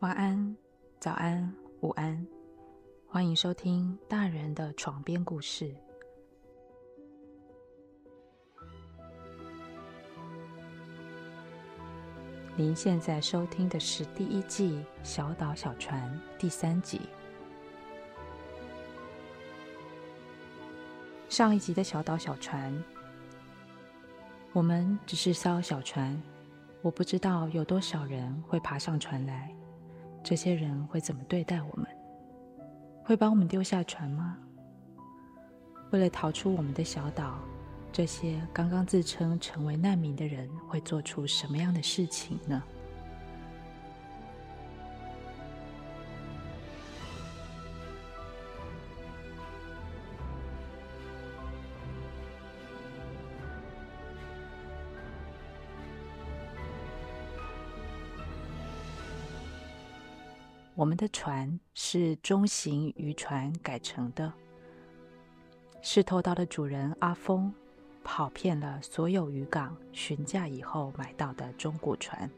晚安，早安，午安，歡迎收聽《大人的床邊故事》。您現在收聽的是第一季《小島小船》第三集。上一集的《小島小船》，我們只是艘小船，我不知道有多少人會爬上船來。這些人會怎麼對待我們？會把我們丟下船嗎？為了逃出我們的小島，這些剛剛自稱成為難民的人會做出什麼樣的事情呢？我們的船是中型漁船改成的，是偷到的主人阿峰跑遍了所有漁港詢價以後買到的中古船。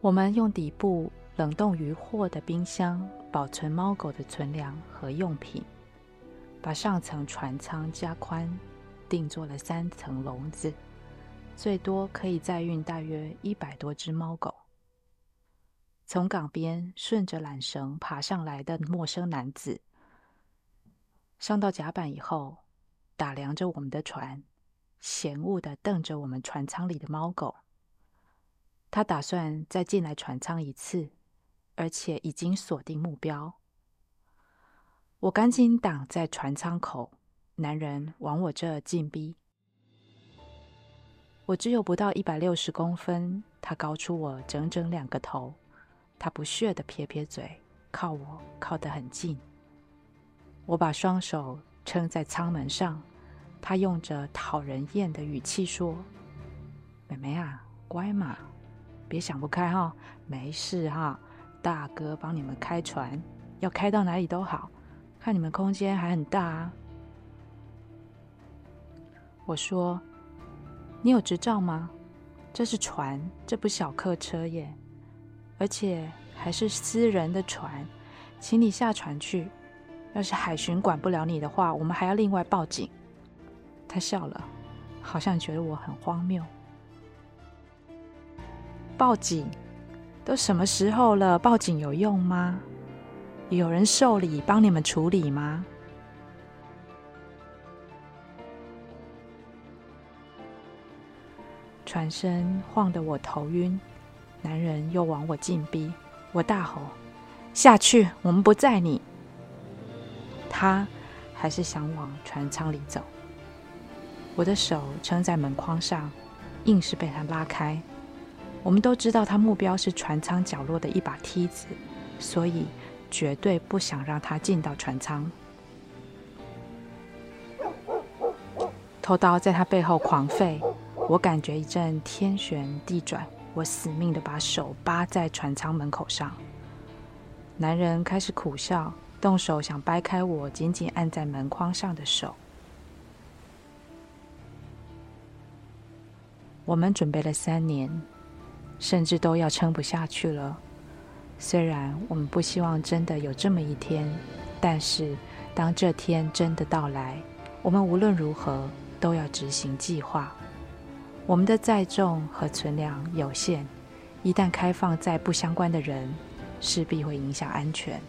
我們用底部冷凍魚貨的冰箱保存貓狗的存糧和用品，把上層船艙加寬，定做了三層籠子，最多可以載運大約一百多隻貓狗。從港邊順着纜繩爬上來的陌生男子，上到甲板以後，打量着我們的船，嫌惡的瞪着我們船艙裡的貓狗。他打算再進來船艙一次，而且已經鎖定目標。我趕緊擋在船艙口，男人往我這兒進逼。我只有不到一百六十公分，他高出我整整兩個頭。他不屑地撇撇嘴，靠我，靠得很近。我把雙手撐在艙門上，他用着討人厭的語氣說：“妹妹啊，乖嘛，別想不開哈，沒事哈，大哥幫你們開船，要開到哪裡都好，看你們空間還很大啊。”我說：“你有執照嗎？這是船，這不小客車耶。”而且還是私人的船，請你下船去。要是海巡管不了你的話，我們還要另外報警。他笑了，好像覺得我很荒謬。報警？都什麼時候了？報警有用嗎？有人受理幫你們處理嗎？船身晃得我頭暈。男人又往我近逼，我大吼：“下去！我們不載你。”他還是想往船艙裡走。我的手撐在門框上，硬是被他拉開。我們都知道他目標是船艙角落的一把梯子，所以絕對不想讓他進到船艙。偷刀在他背後狂吠，我感覺一陣天旋地轉。我死命地把手扒在船艙門口上，男人開始苦笑，動手想掰開我緊緊按在門框上的手。我們準備了三年，甚至都要撐不下去了。雖然我們不希望真的有這麼一天，但是當這天真的到來，我們無論如何都要執行計劃。我們的載重和存糧有限，一旦開放載不相關的人，勢必會影響安全。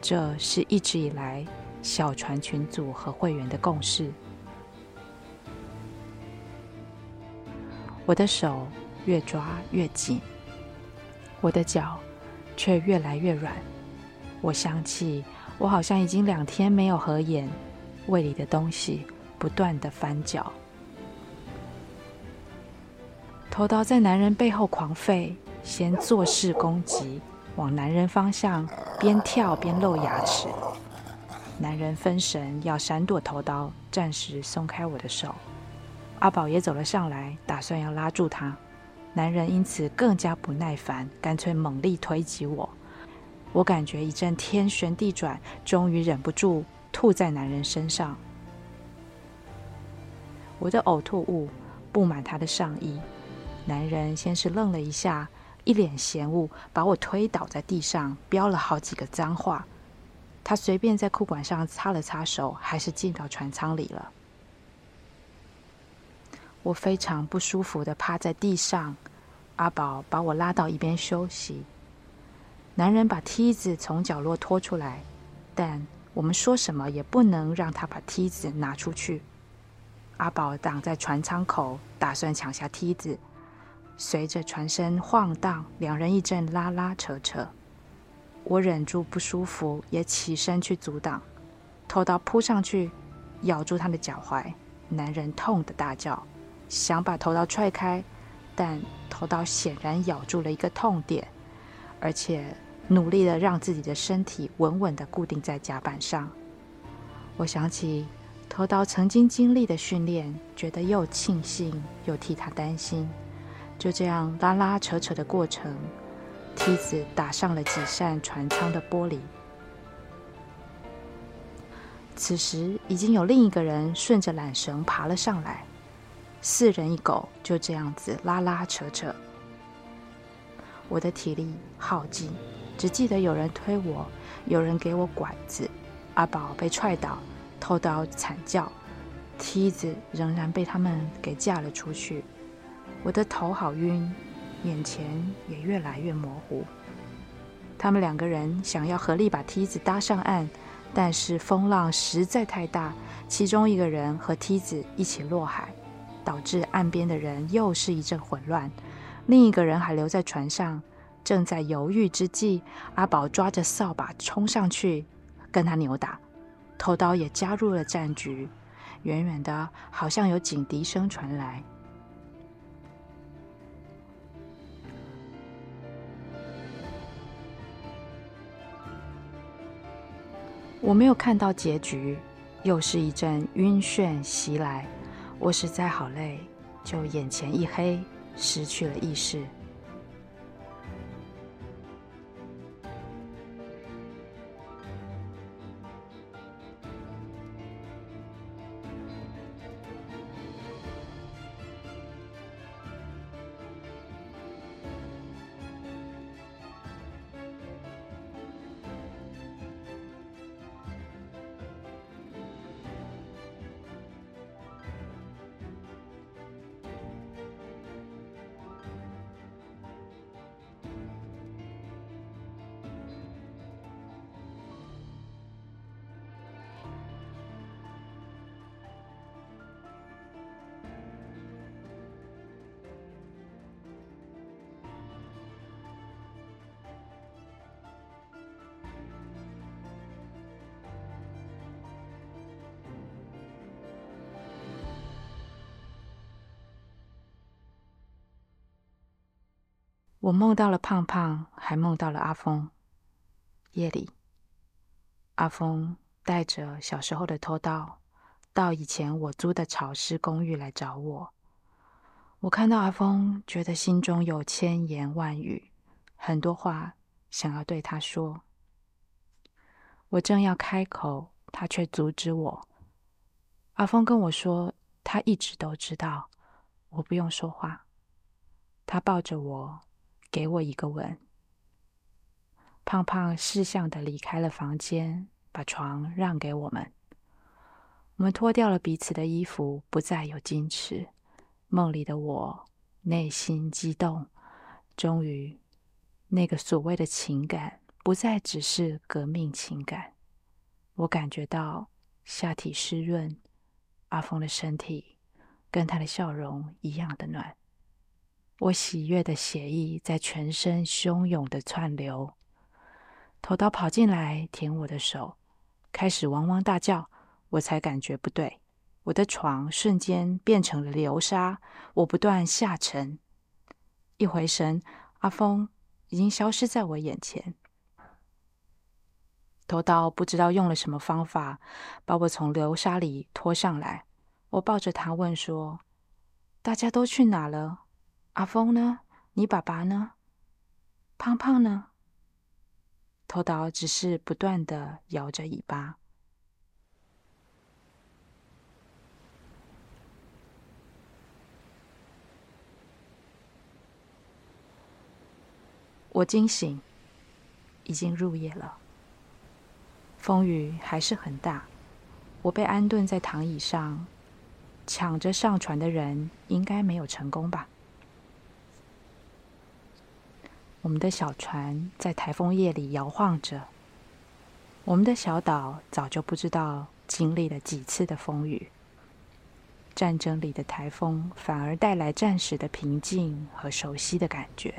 這是一直以來小船群組和會員的共識。我的手越抓越緊，我的腳卻越來越軟。我想起我好像已經兩天沒有合眼，胃裡的東西不斷地翻攪。頭刀在男人背後狂吠，先作勢攻擊，往男人方向邊跳邊露牙齒。男人分神要閃躲頭刀，暫時鬆開我的手。阿寶也走了上來，打算要拉住他。男人因此更加不耐煩，乾脆猛力推擠我。我感覺一陣天旋地轉，終於忍不住吐在男人身上。我的嘔吐物布滿他的上衣。男人先是愣了一下，一臉嫌惡，把我推倒在地上，飆了好幾個髒話。他隨便在褲管上擦了擦手，還是進到船艙裡了。我非常不舒服地趴在地上，阿寶把我拉到一邊休息。男人把梯子從角落拖出來，但我們說什麼也不能讓他把梯子拿出去。阿寶擋在船艙口，打算搶下梯子。隨着船身晃蕩，兩人一陣拉拉扯扯。我忍住不舒服，也起身去阻擋。頭刀撲上去，咬住他的腳踝。男人痛得大叫，想把頭刀踹開，但頭刀顯然咬住了一個痛點，而且努力的讓自己的身體穩穩的固定在甲板上。我想起頭刀曾經經歷的訓練，覺得又慶幸又替他擔心。就這樣拉拉扯扯的過程，梯子打上了幾扇船艙的玻璃。此時已經有另一個人順着纜繩爬了上來，四人一狗就這樣子拉拉扯扯。我的體力耗盡，只記得有人推我，有人給我管子，阿寶被踹倒，痛到慘叫，梯子仍然被他們給架了出去。我的頭好暈，眼前也越來越模糊。他們兩個人想要合力把梯子搭上岸，但是風浪實在太大，其中一個人和梯子一起落海，導致岸邊的人又是一陣混亂。另一個人還留在船上，正在猶豫之際，阿寶抓着掃把衝上去，跟他扭打。頭刀也加入了戰局。遠遠的，好像有警笛聲傳來。我沒有看到結局，又是一陣暈眩襲來，我實在好累，就眼前一黑，失去了意識。我夢到了胖胖，還夢到了阿峰。夜裡，阿峰帶着小時候的偷盜，到以前我租的潮濕公寓來找我。我看到阿峰，覺得心中有千言萬語，很多話想要對他說。我正要開口，他卻阻止我。阿峰跟我說，他一直都知道，我不用說話。他抱着我。給我一個吻，胖胖識相的離開了房間，把床讓給我們。我們脫掉了彼此的衣服，不再有矜持。夢裡的我內心激動，終於，那個所謂的情感不再只是革命情感。我感覺到下體濕潤，阿峰的身體跟他的笑容一樣的暖。我喜悅的血液在全身洶湧的竄流，頭刀跑進來舔我的手，開始汪汪大叫，我才感覺不對，我的床瞬間變成了流沙，我不斷下沉，一回神，阿峰已經消失在我眼前，頭刀不知道用了什麼方法，把我從流沙裡拖上來，我抱着他問說：“大家都去哪了？”阿峰呢？你爸爸呢？胖胖呢？頭島只是不斷的搖着尾巴。我驚醒，已經入夜了。風雨還是很大。我被安頓在躺椅上，搶着上船的人應該沒有成功吧？我們的小船在颱風夜裡搖晃着，我們的小島早就不知道經歷了幾次的風雨。戰爭裡的颱風反而帶來暫時的平靜和熟悉的感覺。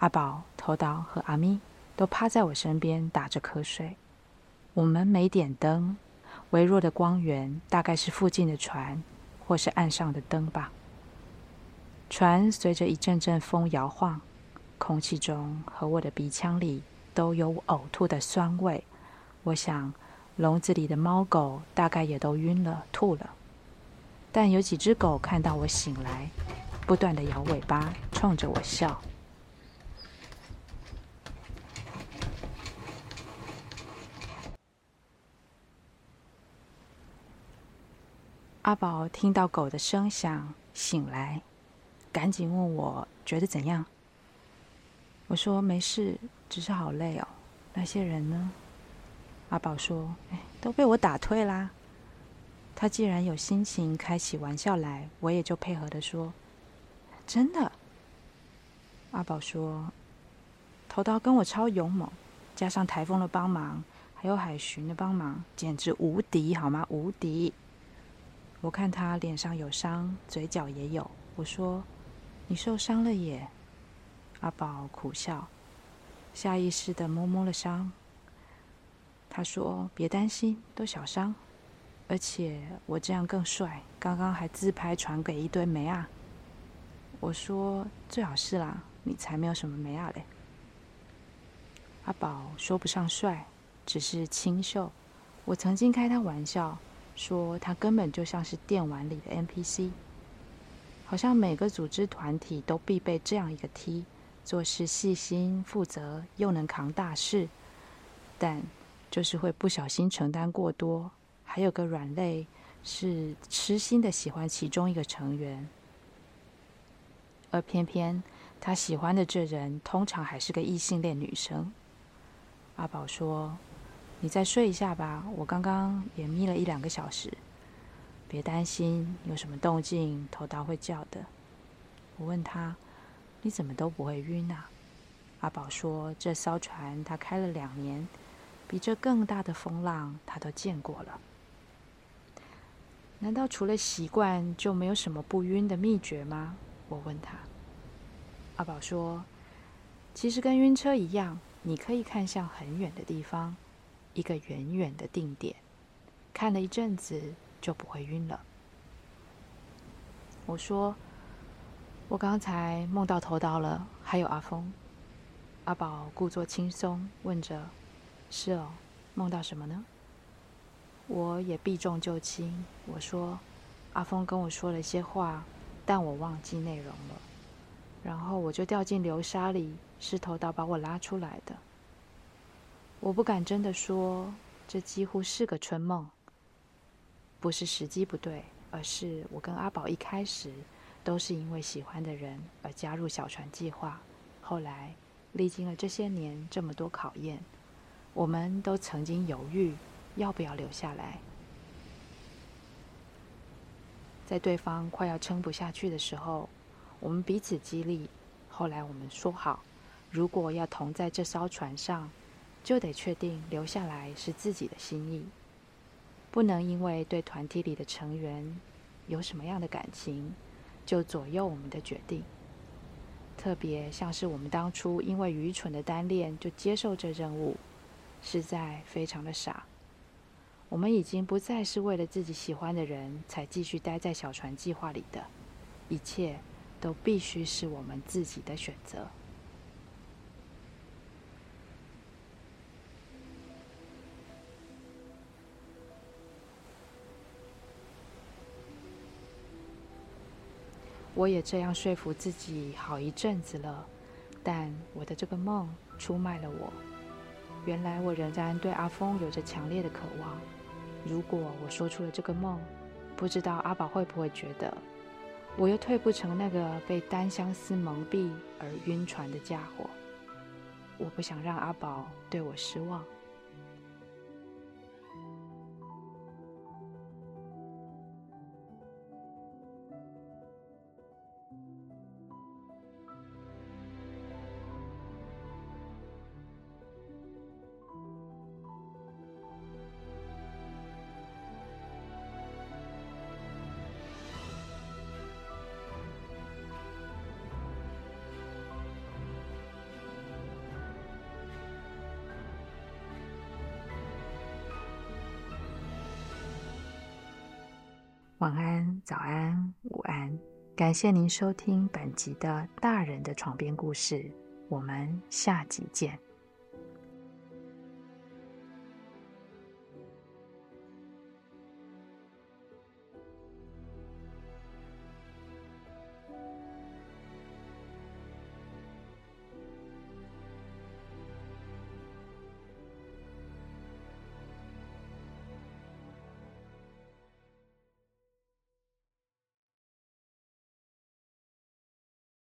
阿寶、頭島和阿咪都趴在我身邊打着瞌睡。我們沒點燈，微弱的光源大概是附近的船或是岸上的燈吧。船隨着一陣陣風搖晃，空氣中和我的鼻腔裡都有嘔吐的酸味。我想，籠子裡的貓狗大概也都暈了、吐了。但有幾只狗看到我醒來，不斷的搖尾巴，衝着我笑。阿寶聽到狗的聲響，醒來。趕緊問我覺得怎樣？我說沒事，只是好累哦。那些人呢？阿寶說：“哎，都被我打退啦。”他既然有心情開起玩笑來，我也就配合的說：“真的。”阿寶說：“頭刀跟我超勇猛，加上台風的幫忙，還有海巡的幫忙，簡直無敵好嗎？無敵。”我看他臉上有傷，嘴角也有，我說。你受傷了耶。阿寶苦笑，下意識的摸摸了傷。他說：“別擔心，都小傷，而且我這樣更帥。剛剛還自拍傳給一堆妹啊。”我說：“最好是啦，你才沒有什麼妹啊嘞。”阿寶說不上帥，只是清秀。我曾經開他玩笑，說他根本就像是電玩裡的 NPC。好像每個組織團體都必備這樣一個 T，做事細心負責又能扛大事，但就是會不小心承擔過多。還有個軟肋是痴心的喜歡其中一個成員，而偏偏他喜歡的這人通常還是個異性戀女生。阿寶說：“你再睡一下吧，我剛剛也眯了一兩個小時。”別擔心，有什麼動靜，頭到會叫的。我問他：“你怎麼都不會暈啊？”阿寶說：“這艘船他開了兩年，比這更大的風浪他都見過了。”難道除了習慣，就沒有什麼不暈的秘訣嗎？我問他，阿寶說：“其實跟暈車一樣，你可以看向很遠的地方，一個遠遠的定點，看了一陣子。”就不會暈了。我說，我剛才夢到頭刀了，還有阿峰。阿寶故作輕鬆問着：“是哦，夢到什麼呢？”我也避重就輕，我說：“阿峰跟我說了一些話，但我忘記內容了。然後我就掉進流沙裡，是頭刀把我拉出來的。我不敢真的說，這幾乎是個春夢。”不是時機不對，而是我跟阿寶一開始都是因為喜歡的人而加入小船計劃。後來歷經了這些年這麼多考驗，我們都曾經猶豫要不要留下來。在對方快要撐不下去的時候，我們彼此激勵。後來我們說好，如果要同在這艘船上，就得確定留下來是自己的心意。不能因為對團體裡的成員有什麼樣的感情，就左右我們的決定。特別像是我們當初因為愚蠢的單戀就接受這任務，實在非常的傻。我們已經不再是為了自己喜歡的人才繼續待在小船計劃裡的，一切都必須是我們自己的選擇。我也這樣說服自己好一陣子了，但我的這個夢出賣了我。原來我仍然對阿峰有着強烈的渴望。如果我說出了這個夢，不知道阿寶會不會覺得我又退步成那個被單相思蒙蔽而暈船的家伙？我不想讓阿寶對我失望。晚安，早安，午安，感謝您收聽本集的大人的床邊故事，我們下集見。